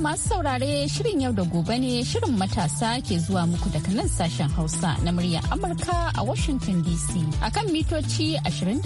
masu saurare shirin yau da gobe ne shirin matasa ke zuwa muku daga nan sashen Hausa na muryar Amurka a Washington DC akan mitoci 25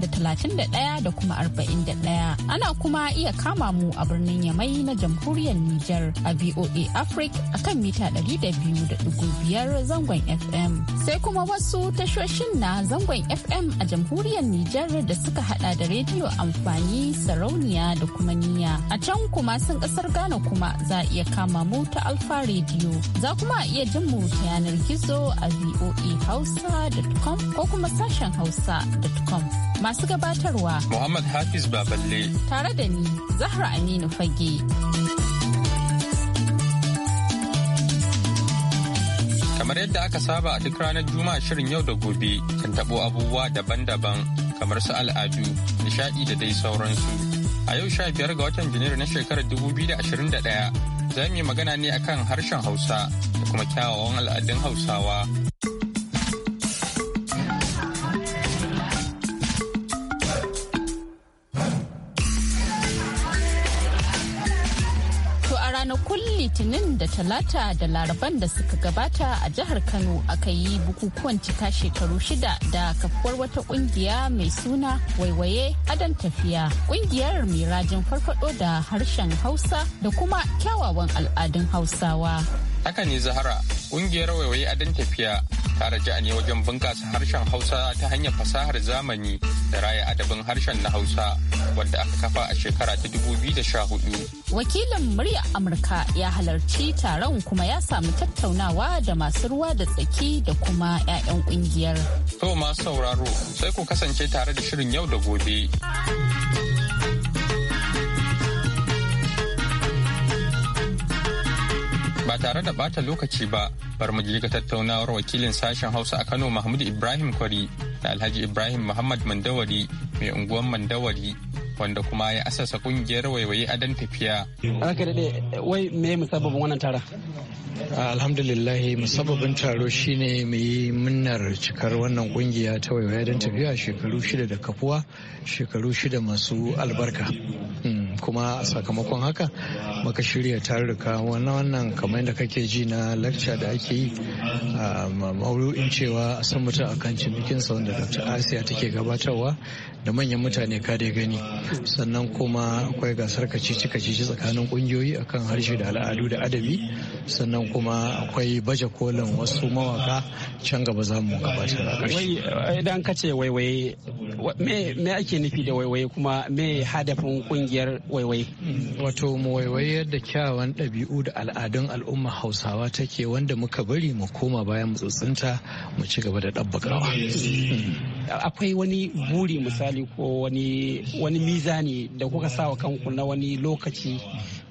da 31 da kuma 41. Ana kuma iya kama mu a birnin Yamai na jamhuriyar Nijar a VOA Africa akan mita 200.5 zangon FM. Sai kuma wasu tashoshin na zangon FM a jamhuriyar Nijar da suka hada da rediyo amfani sarauniya da kuma niya. A can kuma sun kasar Ghana kuma za a iya kama mu ta Alfa Radio. Za kuma a iya jin mu ta yanar gizo a voahausa.com ko kuma sashen hausa.com. Masu gabatarwa Muhammad Hafiz Baballe. Tare da ni Zahra Aminu Fage. Kamar yadda aka saba a duk ranar Juma'a shirin yau da gobe kan tabo abubuwa daban-daban kamar su al'adu, nishadi da dai sauransu. A yau sha biyar ga watan Janairu na shekarar 2021 za mu yi magana ne akan harshen Hausa da kuma kyawawan al'adun Hausawa. litinin da talata da laraban da suka gabata a jihar kano aka yi bukukuwan cika shekaru shida da kafuwar wata kungiya mai suna waiwaye adon tafiya kungiyar mai rajin farfado da harshen hausa da kuma kyawawan al'adun hausawa haka ne zahara ƙungiyar waiwaye adon tafiya ta raja ne wajen bunƙasa harshen hausa ta hanyar fasahar zamani da raya adabin harshen na hausa wadda aka kafa a shekara ta 2014 wakilin muryar amurka ya halarci taron kuma ya samu tattaunawa da masu ruwa da tsaki da kuma 'ya'yan ƙungiyar to masu sauraro sai ku kasance tare da shirin yau da gobe. ba tare da bata lokaci ba bar mu ga tattaunawar wakilin sashen hausa a kano mahmud ibrahim kwari da alhaji ibrahim muhammad mandawari mai unguwan mandawari wanda kuma ya asasa kungiyar waiwaye a dan tafiya. daɗe, wai me musabbabin wannan tara? Alhamdulillah musabbabin taro shine mai munnar cikar wannan kungiya ta waiwaye dan tafiya shekaru shida da kafuwa shekaru shida masu albarka. Hmm. kuma a sakamakon haka muka shirya taruka wannan wannan kamar da kake ji na lakca da ake yi a um, maurin cewa a san mutum a akan cinikinsa wanda dr asiya take gabatarwa da manyan mutane ka dai gani sannan kuma akwai gasar kacici kacici tsakanin kungiyoyi akan harshe da al'adu da adabi sannan kuma akwai baje kolin wasu mawaka can gaba za mu gabatar a ƙarshe idan ka ce waiwaye me ake nufi da waiwaye kuma me hadafin kungiyar waiwai. Mm, wato mu waiwai yadda kyawawan ɗabi'u da al'adun al'umma Hausawa take wanda muka bari mu koma bayan mu mu ci gaba da ɗabbakawa. Mm. Akwai wani buri misali ko wani mizani da kuka sawa kanku na wani lokaci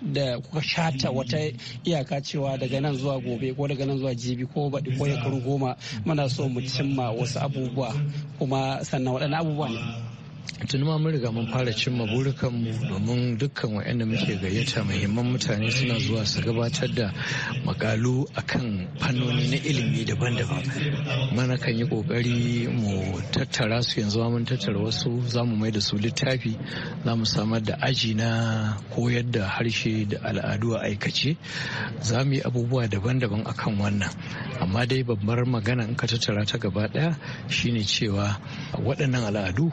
da kuka shata wata iyaka cewa daga nan zuwa gobe ko daga nan zuwa jibi ko baɗi ko karu goma muna so mu cimma wasu abubuwa kuma sannan waɗannan abubuwa ne. tun ma mun riga mun fara cimma mu domin dukkan wa'anda muke gayyata muhimman mutane suna zuwa su gabatar da makalu akan fannoni na ilimi daban-daban mana kan yi kokari mu tattara su yanzu mun tattara wasu za mu mai da su littafi za mu samar da aji na koyar da harshe da al'adu a aikace za mu yi abubuwa daban-daban akan wannan amma dai babbar magana in ka tattara ta gaba daya shine cewa waɗannan al'adu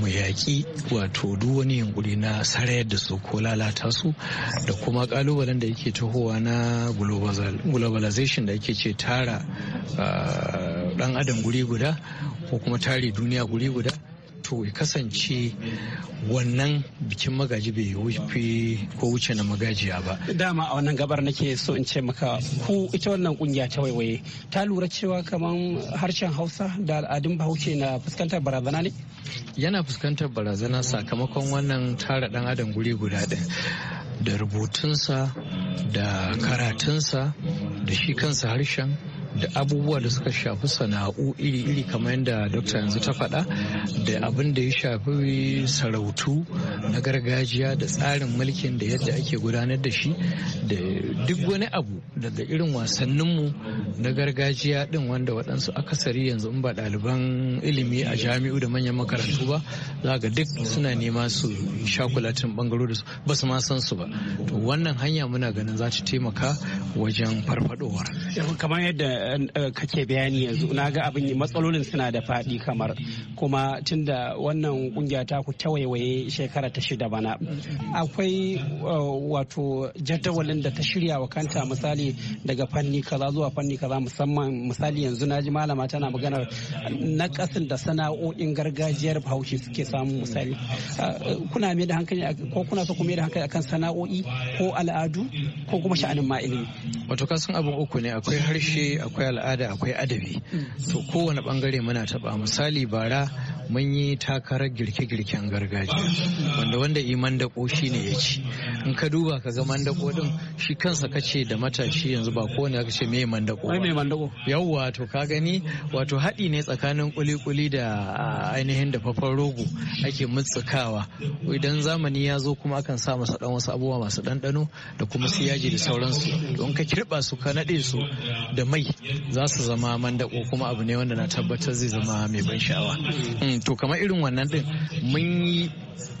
mu yaƙi wato duk wani yunkuri na sarayar da su ko lalata su da kuma kalubalen da yake tahowa na globalization da yake ce tara dan ah, adam guri guda ko kuma tare duniya guri guda to ya kasance wannan bikin magaji bai wuce ko wuce na magajiya ba dama a wannan gabar nake so in ce maka ku ita wannan kungiya ta waiwaye ta lura cewa kamar harshen hausa da al'adun bahaushe na fuskantar barazana ne yana fuskantar barazana sakamakon wannan tara dan adam guri guda ɗin da rubutunsa da karatunsa da shi kansa harshen da abubuwa da suka shafi sana'u iri-iri kamar yadda dokta yanzu ta faɗa da abin da ya shafi sarautu na gargajiya da tsarin mulkin da yadda ake gudanar da shi da duk wani abu daga irin wasanninmu na gargajiya din wanda waɗansu akasari yanzu in ba ɗaliban ilimi a jami'u da manyan makarantu ba za ga duk suna nema su shakulatin bangaro da su ba su ma san su ba to wannan hanya muna ganin za ta taimaka wajen farfadowa kamar yadda eh, eh, kake bayani yanzu na ga abin matsalolin suna da faɗi kamar kuma tunda wannan kungiya ta ku ta waiwaye shekara ta shida bana akwai eh, wato jadawalin da ta shirya wa kanta misali misali daga fanni kaza zuwa fanni kaza musamman misali yanzu na ji malama tana maganar kasin da sana'o'in gargajiyar bahaushe suke samu misali ah, kuna mai da hankali ko kuna so ku mai da hankali akan sana'o'i ko al'adu ko kuma sha'anin ma ilimi wato kasan abin uku ne akwai harshe akwai al'ada akwai adabi hmm. to kowane bangare muna taba misali bara mun yi takarar girke-girken gargajiya wanda wanda iman dako shi ne ya ci in ka duba ka ga mandako din shi kansa ka ce da matashi yanzu ba kowane ka ce me mandako yawwa to ka gani wato haɗi ne tsakanin kuli-kuli da ainihin dafaffen rogo ake mutsukawa idan zamani ya zo kuma akan sa masa dan wasu abubuwa masu ɗanɗano da kuma su yaji da sauransu don ka kirɓa su ka naɗe su da mai za su zama mandako kuma abu ne wanda na tabbatar zai zama mai ban sha'awa hmm. to kamar irin wannan din mun yi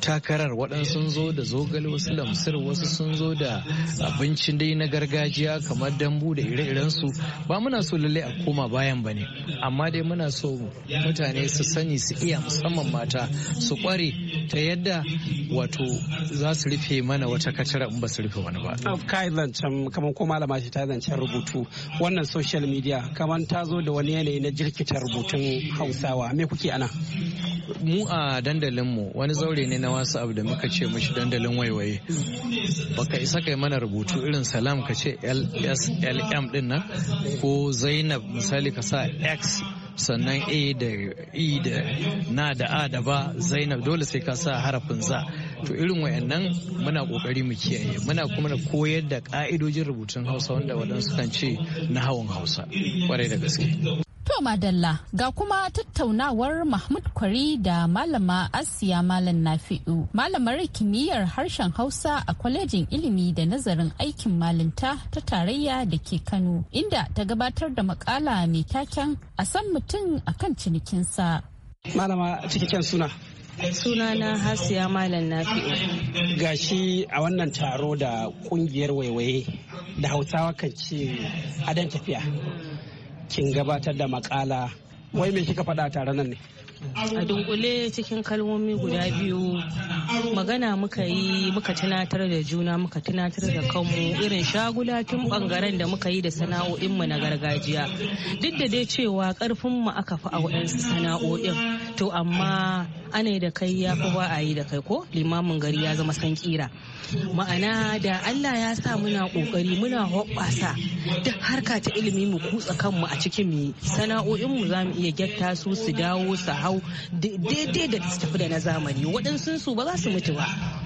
takarar waɗansu sun zo da zogale wasu lamsir wasu sun zo da abincin dai na gargajiya kamar dambu da ire-irensu ba muna so lalle a koma bayan ba ne amma dai muna so mutane su sani su iya musamman mata su kware ta yadda wato za su rufe mana wata kacara in ba su rufe wani ba. kai zancen kamar ko malama shi ta zancen rubutu wannan social media kamar ta zo da wani yanayi na jirkita rubutun hausawa me kuke ana. mu a dandalinmu wani zaure ne na wasu abu da muka ce mashi dandalin waiwaye baka isa kai mana rubutu irin salam ka ce lslm din nan ko zainab misali ka sa x sannan a da e da na da a da ba zainab dole sai ka sa harafin za to irin wayannan muna kokari mu kiyaye muna kuma na koyar da ka'idojin rubutun hausa wanda waɗansu kan ce na hawan hausa kwarai da gaske To Madalla ga kuma tattaunawar Mahmud Kwari da Malama Asiya Malam Nafi'u, malamar kimiyyar harshen Hausa a kwalejin ilimi da nazarin aikin malinta ta tarayya da ke Kano, inda ta gabatar da makala mai taken a san mutum a kan cinikinsa. Malama cikakken suna. Suna na Hasiya Malam Nafi'u. Gashi a wannan taro da kungiyar waiwaye da Hausawa kan ce adan tafiya. kin gabatar da makala wai me kika faɗa tare nan ne a dunkule cikin kalmomi guda biyu magana muka yi muka tunatar da juna muka tunatar da kanmu irin shagulatun bangaren da muka yi da sana'o'inmu na gargajiya duk da dai cewa karfinmu aka fi a waɗansu sana'o'in to amma ana da kai ya fi ba a yi da kai ko limamin gari ya zama san kira ma'ana da allah ya sa muna kokari muna hoɓɓasa duk harka ta ilimi mu kutsa kanmu a cikin mu sana'o'in mu za mu iya gyatta su su dawo su hau daidai da su tafi da na zamani waɗansu su ba za su mutu ba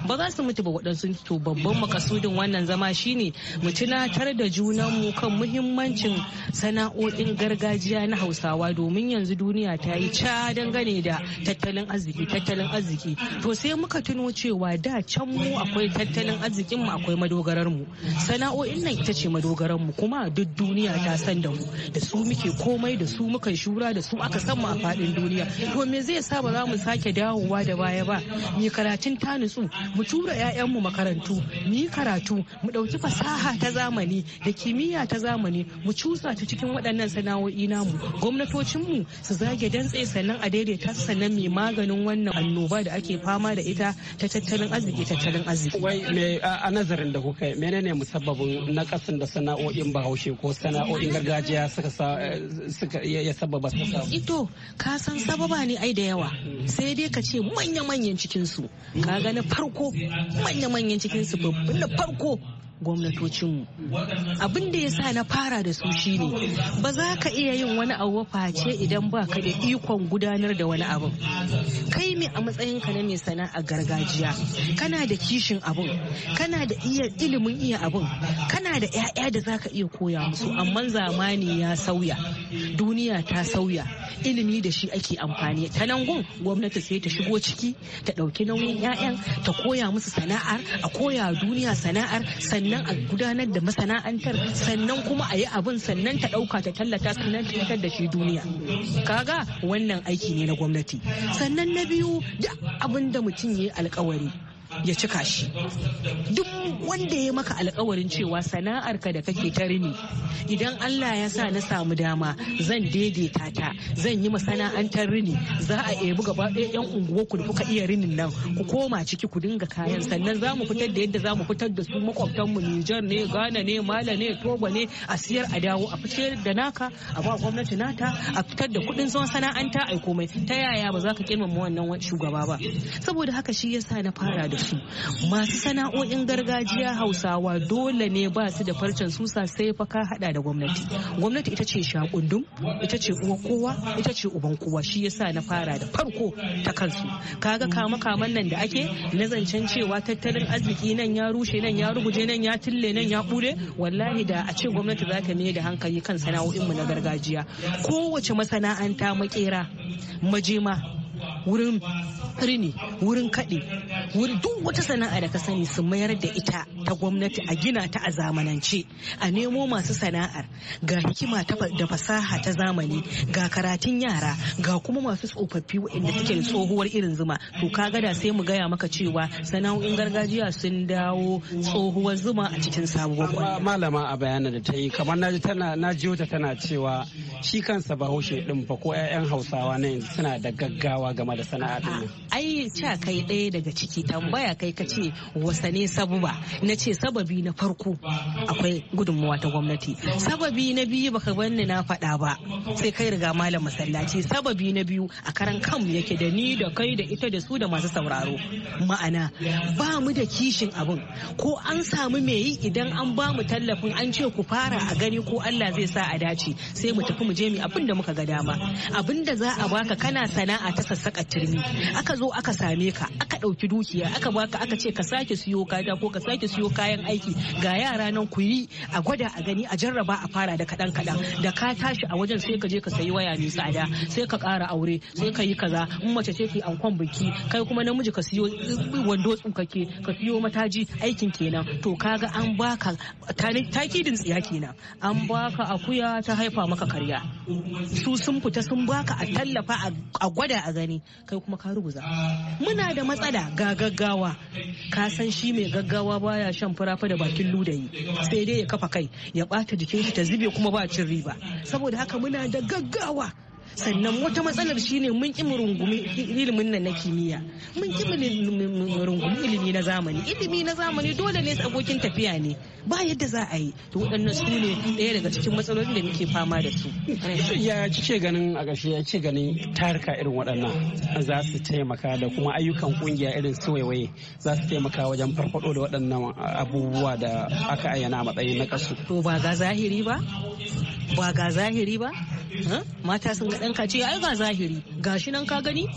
ba za su mutu ba waɗansu to babban makasudin wannan zama shine mu tunatar da junanmu kan muhimmancin sana'o'in gargajiya na hausawa domin yanzu duniya ta yi ca dangane da tattalin arziki tattalin arziki to sai muka tuno cewa da can mu akwai tattalin arzikin mu akwai madogarar mu sana'o'in nan ita ce madogarar mu kuma duk duniya ta san da mu da su muke komai da su muka shura da su aka san mu a fadin duniya to me zai sa ba za mu sake dawowa da baya ba mai karatun ta nutsu mu tura 'ya'yanmu makarantu mu yi karatu mu ɗauki fasaha ta zamani da kimiyya ta zamani mu cusa ta cikin waɗannan sana'o'i namu gwamnatocinmu su zage dantse sannan a daidaita sannan mai maganin wannan annoba da ake fama da ita ta tattalin arziki tattalin arziki. wai me a nazarin da kuka yi menene musabbabin nakasin da sana'o'in bahaushe ko sana'o'in gargajiya suka eh, suka ya sababa su samu. ito ka san sababa ne ai da yawa sai dai ka ce manya-manyan cikinsu ka ga na farko farko manya-manyan cikin babban na farko gwamnatocinmu abin da ya sa na fara da su shine ba za ka iya yin wani abu face idan ba ka da ikon gudanar da wani abu. kai mai a matsayinka na mai sana'a gargajiya kana da kishin abin kana da iya ilimin iya abin kana da 'ya'ya da za ka iya koya musu amma zamani ya sauya duniya ta sauya ilimi da shi ake amfani ta nan gun gwamnati sai ta shigo ciki ta ɗauki nauyin 'ya'yan ta koya musu sana'ar a koya duniya sana'ar sannan sannan a gudanar da masana'antar sannan kuma a yi abin sannan ta ɗauka ta tallata sannan ta fitar da shi duniya kaga wannan aiki ne na gwamnati sannan na biyu duk abin da mutum ya yi alkawari ya cika shi duk wanda ya maka alkawarin cewa sana'arka da kake ta rini idan Allah ya sa na samu dama zan daidaita ta zan yi masana'antar rini za a ebi gaba ɗaya yan unguwa ku kuka iya rinin nan ku koma ciki ku dinga kayan sannan za mu fitar da yadda za mu fitar da su makwabtan mu Nijar ne Ghana ne Mala ne Togo ne a siyar a dawo a fitar da naka a ba gwamnati nata a fitar da kuɗin son sana'anta ai komai ta yaya ba za ka kirmama wannan shugaba ba saboda haka shi yasa na fara da su masu sana'o'in gargajiya hausawa dole ne ba su da farcen susa sai fa ka hada da gwamnati gwamnati ita ce shakundum ita ce uwa kowa ita ce uban kowa shi yasa na fara da farko ta kansu kaga kama kaman nan da ake na zancen cewa tattalin arziki nan ya rushe nan ya ruguje nan ya tille nan ya bure wallahi da a ce gwamnati za ta mai da hankali kan mu na gargajiya kowace masana'anta makera majema wurin rini wurin kaɗe. duk wata sana'a da ka sani su mayar da ita ta gwamnati a gina ta a zamanance a nemo masu sana'ar ga hikima da fasaha ta zamani ga karatun yara ga kuma masu tsofaffi waɗanda suke tsohuwar irin zuma to ka gada sai mu gaya maka cewa sana'o'in gargajiya sun dawo tsohuwar zuma a cikin sabuwar kwallo. malama a bayanin da ta yi kamar na ji tana na ji wata tana cewa shi kansa bahaushe din ba ko 'ya'yan hausawa na suna da gaggawa game da sana'a din ai ca kai ɗaya daga ciki aiki tambaya kai ka ce wasa ne sabuba na ce sababi na farko akwai gudunmuwa ta gwamnati sababi na biyu baka wani na faɗa ba sai kai riga malam masallaci sababi na biyu a karan kan yake da ni da kai da ita da su da masu sauraro ma'ana ba mu da kishin abin ko an samu me yi idan an ba mu tallafin an ce ku fara a gani ko Allah zai sa a dace sai mu tafi mu je mu abin da muka ga dama abin da za a baka kana sana'a ta sassaka turmi aka zo aka same ka aka ɗauki duki dukiya aka baka aka ce ka sake siyo kaya ko ka sake siyo kayan aiki ga yara nan ku yi a gwada a gani a jarraba a fara da kaɗan kaɗan da ka tashi a wajen sai ka je ka sayi waya mai tsada sai ka ƙara aure sai ka yi kaza in mace ce ki ankon biki kai kuma namiji ka siyo wando tsunkake ka siyo mataji aikin kenan to kaga an baka takidin tsiya kenan an baka akuya ta haifa maka karya su sun fita sun baka a tallafa a gwada a gani kai kuma ka ruguza muna da matsala ga gaggawa ka san shi mai gaggawa baya shan furafa da bakin ludayi sai dai ya kafa kai ya bata jikin shi ta zube kuma ba cin riba saboda haka muna da gaggawa sannan wata matsalar shine mun ƙi rungumi ilimin nan na kimiyya mun ƙi rungumi ilimi na zamani ilimi na zamani dole ne abokin tafiya ne ba yadda za a yi to waɗannan su ne ɗaya daga cikin matsalolin da muke fama da su ya kike ganin a ƙarshe ya ce ganin tarka irin waɗannan za su taimaka da kuma ayyukan ƙungiya irin su waiwaye za su taimaka wajen farfaɗo da waɗannan abubuwa da aka ayyana matsayin na to ba ga zahiri ba ba ga zahiri ba mata sun ga ɗan kace ai ga zahiri gashi nan ka gani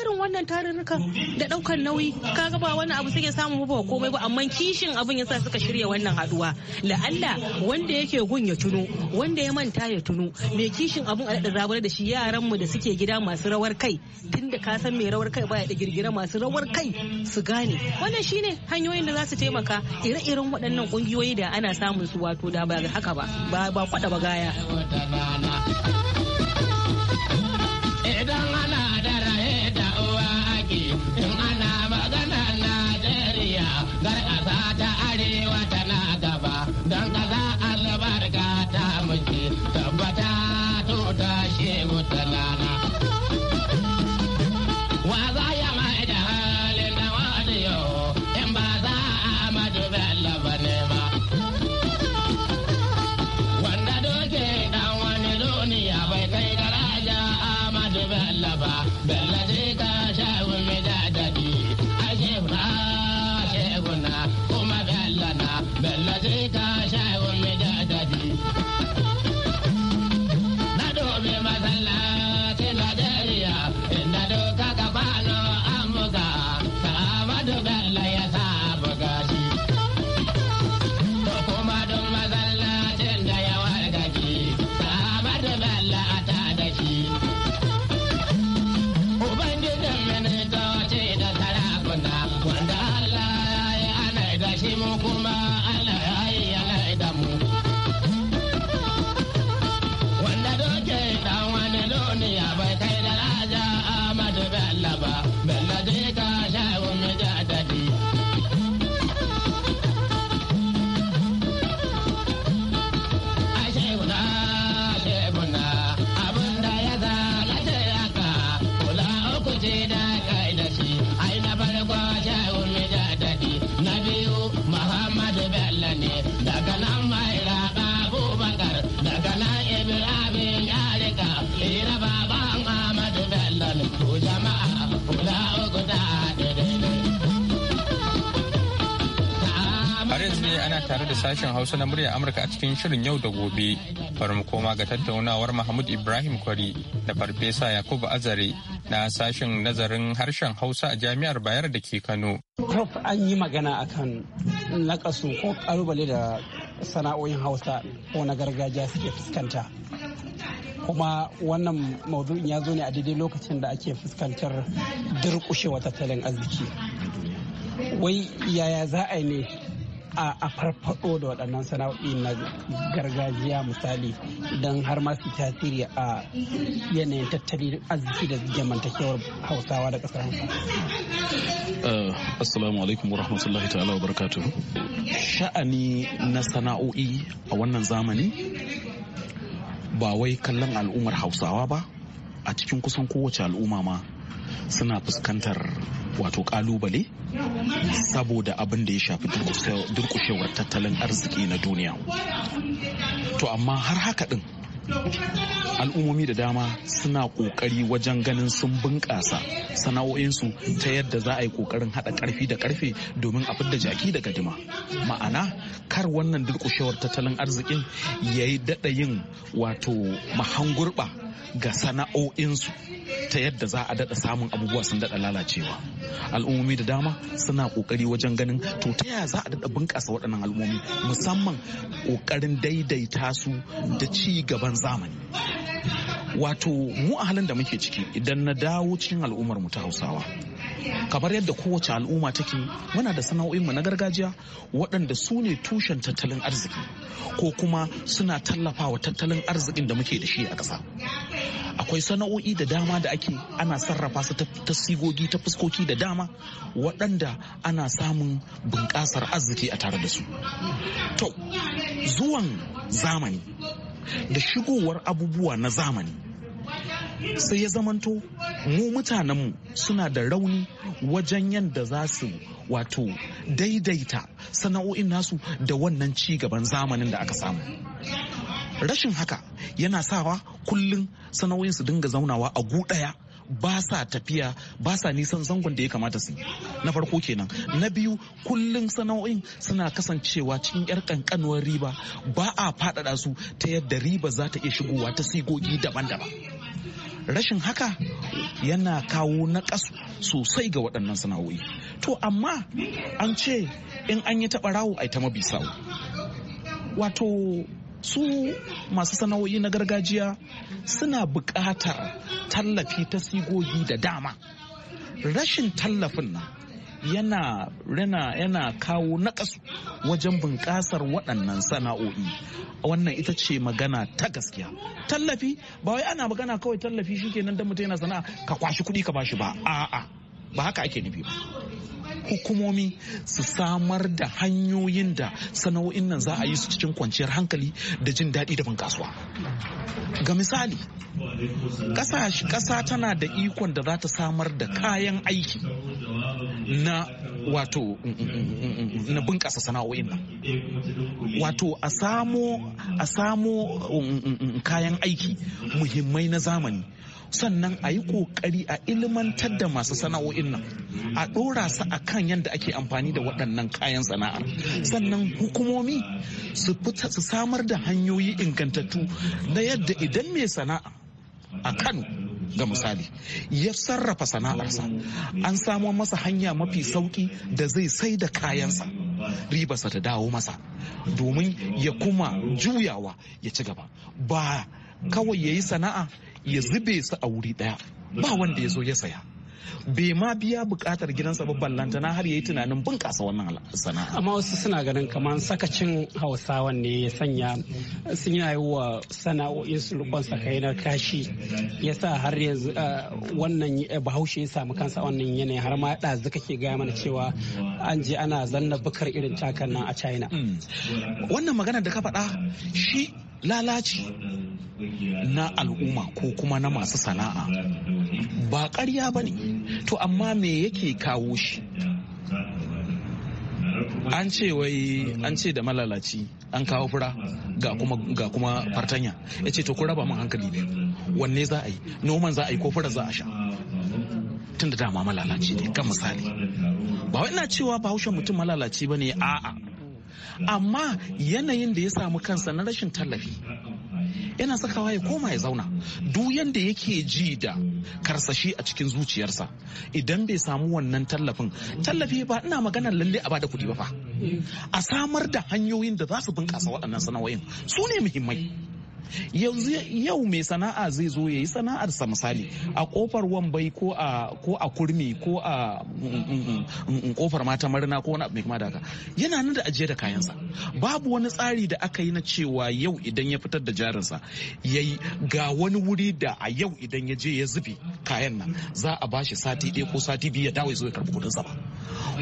irin wannan tarurrukan da daukan nauyi kaga ba wani abu suke samu ba komai ba amma kishin abin yasa suka shirya wannan haduwa la'alla wanda yake gun ya tunu wanda ya manta ya tunu mai kishin abun a da zabar da shi yaran mu da suke gida masu rawar kai tunda ka san mai rawar kai baya da girgira masu rawar kai su gane wannan shine hanyoyin da za su taimaka ire-iren waɗannan kungiyoyi da ana samun su wato da ba haka ba ba kwada ba gaya tare da sashen Hausa na muryar Amurka a cikin shirin yau da gobe. Bari mu koma ga tattaunawar Mahmud Ibrahim Kwari da Farfesa Yakubu Azare na sashen nazarin harshen Hausa a Jami'ar Bayar da ke Kano. Prof an yi magana akan nakasu ko kalubale da sana'o'in Hausa ko na gargajiya suke fuskanta. kuma wannan maudu'in ya zo ne a daidai lokacin da ake fuskantar wata tattalin arziki wai yaya za a yi ne a farfado da waɗannan sana'o'i na gargajiya misali don har ma su tasiri a yanayin tattalin arziki da zamantakewar hausawa da ƙasar hausa. Eh, assalamu alaikum wa rahmatullahi ta'ala wa barkatu sha'ani na sana'o'i a wannan zamani ba wai kallon al'ummar hausawa ba a cikin kusan kowace al'umma ma suna fuskantar wato kalubale saboda abin da ya shafi durkushewar tattalin arziki na duniya to amma har haka din al'ummomi da dama suna kokari wajen ganin sun bunƙasa sana'o'insu ta yadda za a yi kokarin haɗa ƙarfi da ƙarfe domin a fidda jaki da gadima ma'ana kar wannan durƙushewar tattalin arzikin ya yi daɗa yin wato mahangurɓa ga sana'o'insu ta yadda za a daɗa samun abubuwa sun daɗa lalacewa al'ummomi da dama suna ƙoƙari wajen ganin to ta yaya za a daɗa bunƙasa waɗannan al'ummomi musamman ƙoƙarin daidaita su da ci gaban zamani wato mu a halin da muke ciki idan na dawo cikin al'ummar mu ta hausawa kamar yadda kowace al'umma take muna da sana'o'inmu na gargajiya waɗanda su ne tushen tattalin arziki ko kuma suna tallafawa tattalin arzikin da muke da shi a ƙasa akwai sana'o'i da dama da ake ana sarrafa su ta sigogi ta fuskoki da dama waɗanda ana samun bunƙasar arziki a tare da su to zuwan zamani da shigowar abubuwa na zamani sai ya zamanto mu mutanenmu suna da rauni wajen yadda za su wato daidaita sana'o'in nasu da wannan ci gaban zamanin da aka samu rashin haka yana sawa kullum sana'o'in su dinga zaunawa a gu ɗaya ba sa tafiya ba sa nisan zangon da ya kamata su na farko kenan na biyu kullum sana'o'in suna kasancewa cikin yar kankanuwar riba ba a faɗaɗa su ta yadda riba za ta iya shigowa ta sigogi daban-daban rashin haka yana kawo naƙasu sosai ga waɗannan sana'o'i to amma an ce in an yi taɓa rawo a ta mabisawo wato su masu sana'o'i na gargajiya suna buƙatar tallafi ta sigogi da dama rashin tallafin nan yana rina yana kawo naƙasu wajen bunƙasar waɗannan sana'o'i wannan ita ce magana ta gaskiya tallafi ba wai ana magana kawai tallafi shi kenan don mutum yana sana'a ka kwashi kuɗi ka bashi ba a'a ba haka ake nufi ba hukumomi su samar da hanyoyin da sana'o'in nan za a yi su cikin kwanciyar hankali da jin daɗi da bunƙasuwa ga misali ƙasa tana da ikon da za ta samar da kayan aiki na wato mm, mm, mm, na bunƙasa sana'o'in nan wato a samo kayan aiki muhimmai na zamani sannan a yi kokari a ilmantar da masu sana'o'in nan a ɗora su a kan yadda ake amfani da waɗannan kayan sana'a sannan hukumomi su samar da hanyoyi ingantattu na yadda idan mai sana'a a kano ga misali ya sarrafa sana'arsa an samo masa hanya mafi sauki da zai sai da kayansa ribarsa ta dawo masa domin ya kuma juyawa ya ci gaba ba kawai ya yi sana'a ya zube su a wuri daya ba wanda ya zo ya saya bai ma biya bukatar gidansa ba ballantana har yayi tunanin bunkasa wannan sana'a amma wasu suna ganin kamar sakacin hausawan ne ya sanya sun yi wa sana'o'in su rubon sakai na kashi ya sa har yanzu eh, wannan eh, bahaushe ya samu kansa wannan yanayi har ma ɗazu kake gaya mana cewa an je ana zanna bukar irin takan nan a china mm. wannan magana da ka faɗa shi lalaci na al'umma ko kuma na masu sana'a ba ƙarya ba ne to amma me yake kawo shi an ce wai an ce da malalaci an kawo fura ga kuma fartanya ya ce to ku raba min hankali ne. wanne za a yi noman za a yi ko fura za a sha tun dama malalaci ne kan misali ba wai ina cewa ba bahaushen mutum malalaci ba ne a'a amma yanayin da ya samu kansa na rashin tallafi yana sakawa ya koma ya zauna duk yadda yake ji da karsashi a cikin zuciyarsa idan bai samu wannan tallafin tallafi ba ina magana lalle a bada kudi ba fa a samar da hanyoyin da za su bunƙasa waɗannan sana'o'in su ne muhimmai yanzu yau mai sana'a zai zo ya yi sana'arsa misali a kofar wambai ko a kurmi ko a kofar mm, mm, mm, mata marina ko wani abu mai kuma daga yana nan da ajiye da kayansa babu wani tsari da aka yi na cewa yau idan ya fitar da jarinsa ya yi ga wani wuri da a yau idan ya je ya zube kayan nan za a bashi sati ɗaya ko sati biyu ya dawo ya zo ya karɓi kuɗinsa ba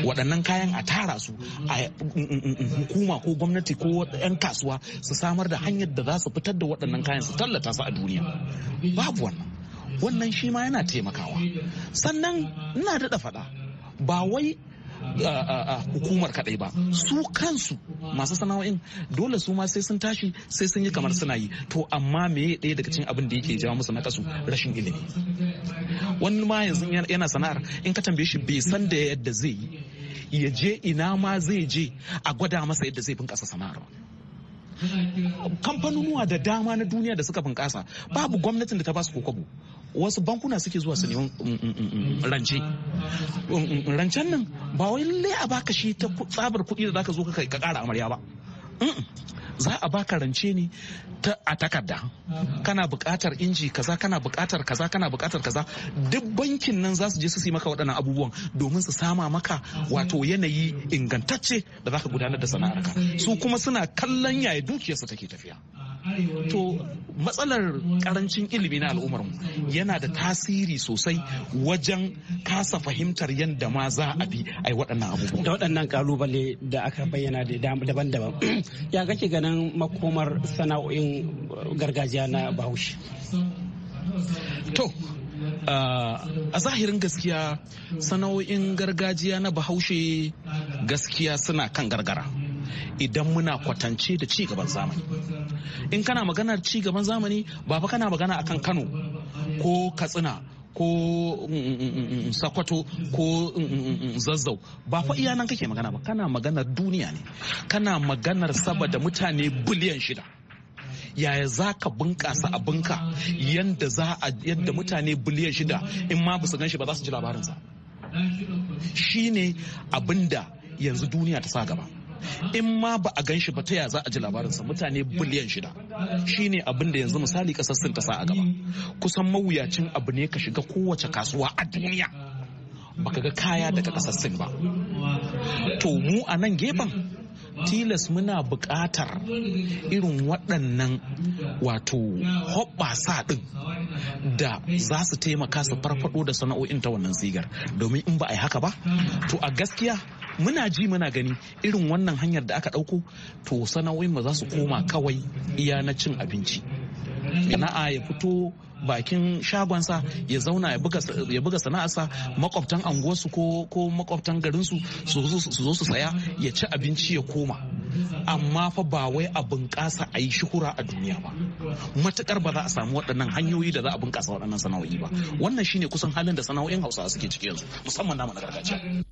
waɗannan kayan a tara su a mm, mm, mm, hukuma ko gwamnati ko 'yan kasuwa su samar da hanyar da za su fitar da waɗannan kayan su tallata su a duniya babu wannan wannan shi ma yana taimakawa sannan ina daɗa faɗa ba wai hukumar kadai ba su kansu masu sana'o'in dole su ma sai sun tashi sai sun yi kamar suna yi to amma me ɗaya daga cikin abin da yake jawo musu nakasu rashin ilimi wani ma yanzu yana sana'ar in ka tambaye shi bai san da yadda zai yi ya je ina ma zai je a gwada masa yadda zai bunƙasa sana'ar kamfanonuwa da dama na duniya da suka bunƙasa babu gwamnatin da ta ba su kokobo wasu bankuna suke zuwa su neman mm, mm, mm, rance rancen nan ba wai lai a baka shi ta tsabar kuɗi da zaka zo ka kara amarya ba za a baka rance ne a takarda kana bukatar inji kaza kana buƙatar kaza kana bukatar kaza duk bankin nan za su je su yi maka waɗannan abubuwan domin su sama maka wato yanayi ingantacce da za ka gudanar da sana'arka su kuma suna kallon yaya dukiyarsu take tafiya to matsalar karancin ilimi na al'ummar mu yana da tasiri sosai wajen kasa fahimtar yadda ma za a bi a yi waɗannan abubuwa da waɗannan kalubale da aka bayyana da daban-daban ya kake ganin makomar sana'o'in gargajiya na bahaushe to a zahirin gaskiya sana'o'in gargajiya na bahaushe gaskiya suna kan gargara idan muna kwatance da ci gaban zamani in kana maganar ci gaban zamani ba fa kana magana akan kano ko katsina ko mm, mm, mm, sakwato ko zazzau ba fa iya nan kake magana ba kana maganar duniya ne kana maganar saboda mutane biliyan shida yaya za ka bunƙasa abinka yadda za a yadda mutane biliyan shida in ma su gan shi ba za su ji labarinsa shine abinda yanzu duniya ta sa gaba in ma ba a gan shi ba ta ya za a ji labarinsa mutane biliyan shida shine abin da yanzu misali kasar sun ta sa a gaba kusan mawuyacin abu ne ka shiga kowace kasuwa a duniya baka ga kaya daga kasar sin ba to mu a nan gefen tilas muna buƙatar irin waɗannan wato hoɓɓasa ɗin da za su taimaka su farfaɗo da sana'o'in ta wannan sigar domin in ba a yi haka ba to a gaskiya muna ji muna gani irin wannan hanyar da aka ɗauko to sana'o'in ba za su koma kawai iya na cin abinci ya fito bakin shagonsa ya zauna ya buga sana'arsa makwabtan anguwarsu ko makwabtan garinsu su zo su saya ya ci abinci ya koma amma fa ba wai a bunƙasa a yi shuhura a duniya ba matukar ba za a samu waɗannan hanyoyi da za a bunƙasa waɗannan sana'o'i ba wannan shine kusan halin da sana'o'in hausawa suke ciki yanzu musamman namu na gargajiya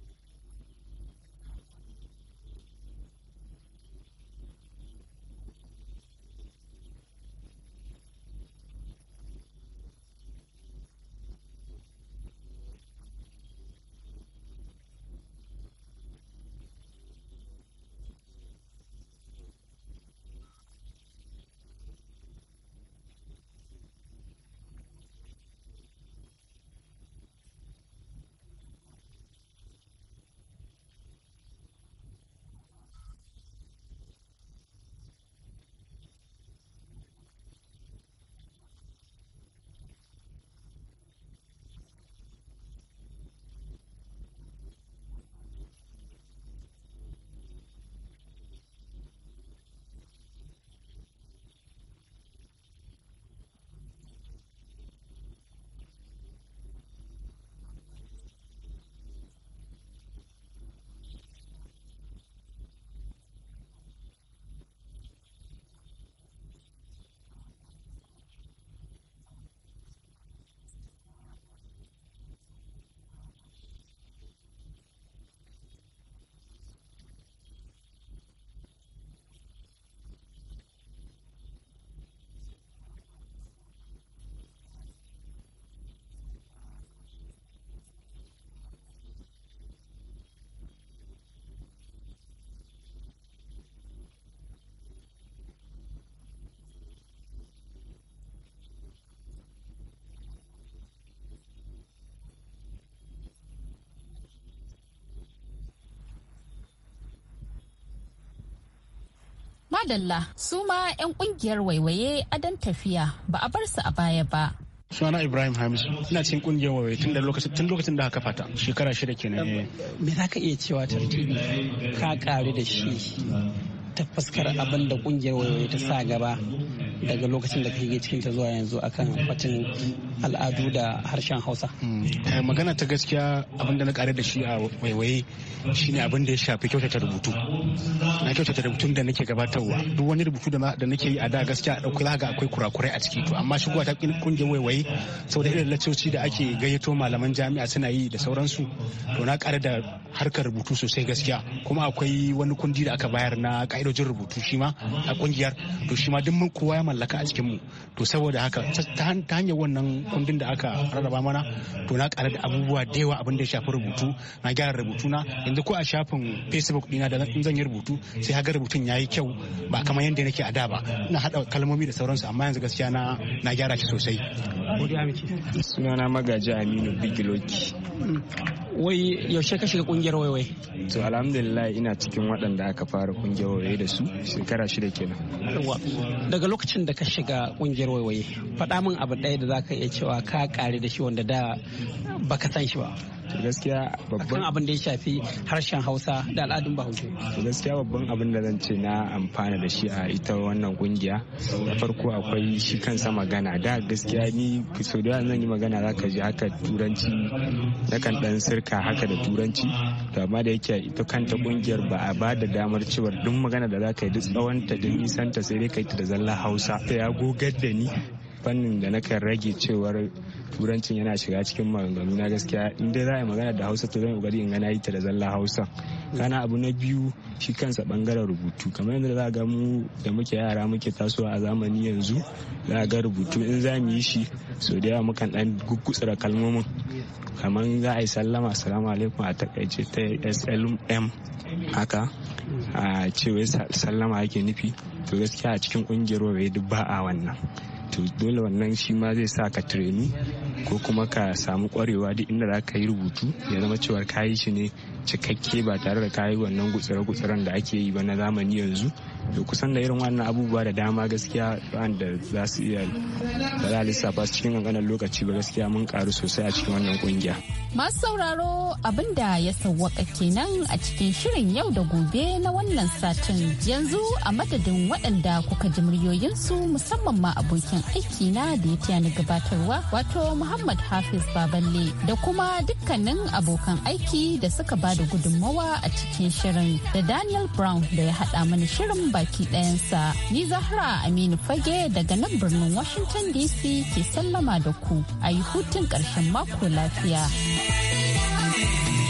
madalla su ma 'yan kungiyar waiwaye dan tafiya ba a bar su a baya ba sunana ibrahim hamisu ina cikin kungiyar waiwaye tun da lokacin tun lokacin da aka fata shekara shida kenan eh. me za ka iya cewa tartibi ka karu da shi ta fuskar abin da kungiyar wayoyi ta sa gaba daga lokacin da kake cikin ta zuwa yanzu akan batun al'adu da harshen hausa hmm. eh, magana ta gaskiya abin da na kare da shi a waiwaye shine abin da ya shafi kyautata rubutu na kyautata rubutun da nake gabatarwa duk wani rubutu da nake yi a da gaskiya da ɗauki ga akwai kurakurai a ciki to amma shigowa ta kungiyar waiwaye saboda irin lacoci da ake gayyato malaman jami'a suna yi da sauransu to na kare da harkar rubutu sosai gaskiya kuma akwai wani kundi da aka bayar na ka'idojin rubutu shi ma a kungiyar to shi ma duk mun kowa ya mallaka a cikin mu to saboda haka ta hanyar wannan kundin da aka rarraba mana to na kara da abubuwa da yawa abin da ya shafi rubutu na gyara rubutu na yanzu ko a shafin facebook dina da in zan yi rubutu sai haga rubutun yayi kyau ba kamar yadda nake a da ba ina hada kalmomi da sauransu amma yanzu gaskiya na na gyara shi sosai sunana magaji aminu bigiloki wai yaushe ka shiga kungiyar waiwai to alhamdulillah ina cikin waɗanda aka fara kungiyar waiwai da su shekara shida kenan daga lokacin da ka shiga kungiyar waiwai faɗa min abu ɗaya da za ka iya cewa ka kare da shi wanda da baka san shi ba gaskiya babban abin da ya shafi harshen hausa da al'adun bahaushe gaskiya babban abin da zan ce na amfana da shi a ita wannan kungiya na farko akwai shi kansa magana da gaskiya ni so da zan yi magana zaka ji haka turanci na kan dan sirka haka da turanci to amma da yake ita kanta kungiyar ba a ba da damar cewar duk magana da zaka yi duk tsawon ta duk nisan ta sai dai kai ta da zalla hausa ta ya gogar da ni fannin da nakan rage cewar turancin yana shiga cikin maganganu na gaskiya in za a yi magana da hausa to zan kokari in gana ta da zalla hausa kana abu na biyu shi kansa bangaren rubutu kamar yadda za a ga mu da muke yara muke tasowa a zamani yanzu za a ga rubutu in za mu yi shi so da yawa mukan dan guggutsura kalmomin kamar za a yi sallama assalamu alaikum a takaice ta slm haka a cewa sallama ake nufi to gaskiya a cikin kungiyar wa duk ba a wannan to dole wannan shi ma zai sa ka tirenu ko kuma ka samu kwarewa duk inda za ka yi rubutu ya zama cewar kayi shi ne cikakke ba tare da kayi wannan gutsire-gutsiren da ake yi ba na zamani yanzu kusan da irin wannan abubuwa da dama gaskiya da za su iya da za lissafa su cikin kankanin lokaci ba gaskiya mun karu sosai a cikin wannan kungiya. Masu sauraro abin da ya sawwaka kenan a cikin shirin yau da gobe na wannan satin yanzu a madadin waɗanda kuka ji muryoyinsu musamman ma abokin aiki na da ya taya ni gabatarwa wato Muhammad Hafiz Baballe da kuma dukkanin abokan aiki da suka ba da gudunmawa a cikin shirin da Daniel Brown da ya haɗa mani shirin baki ɗayansa. Ni Zahra Aminu Fage daga nan birnin Washington DC ke sallama da ku a yi hutun ƙarshen mako lafiya.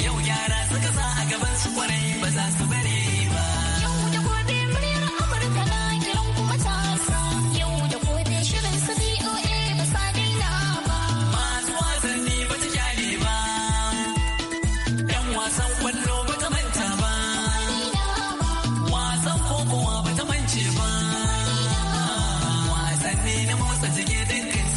Yau yara suka sa a gaban su kwarai ba za su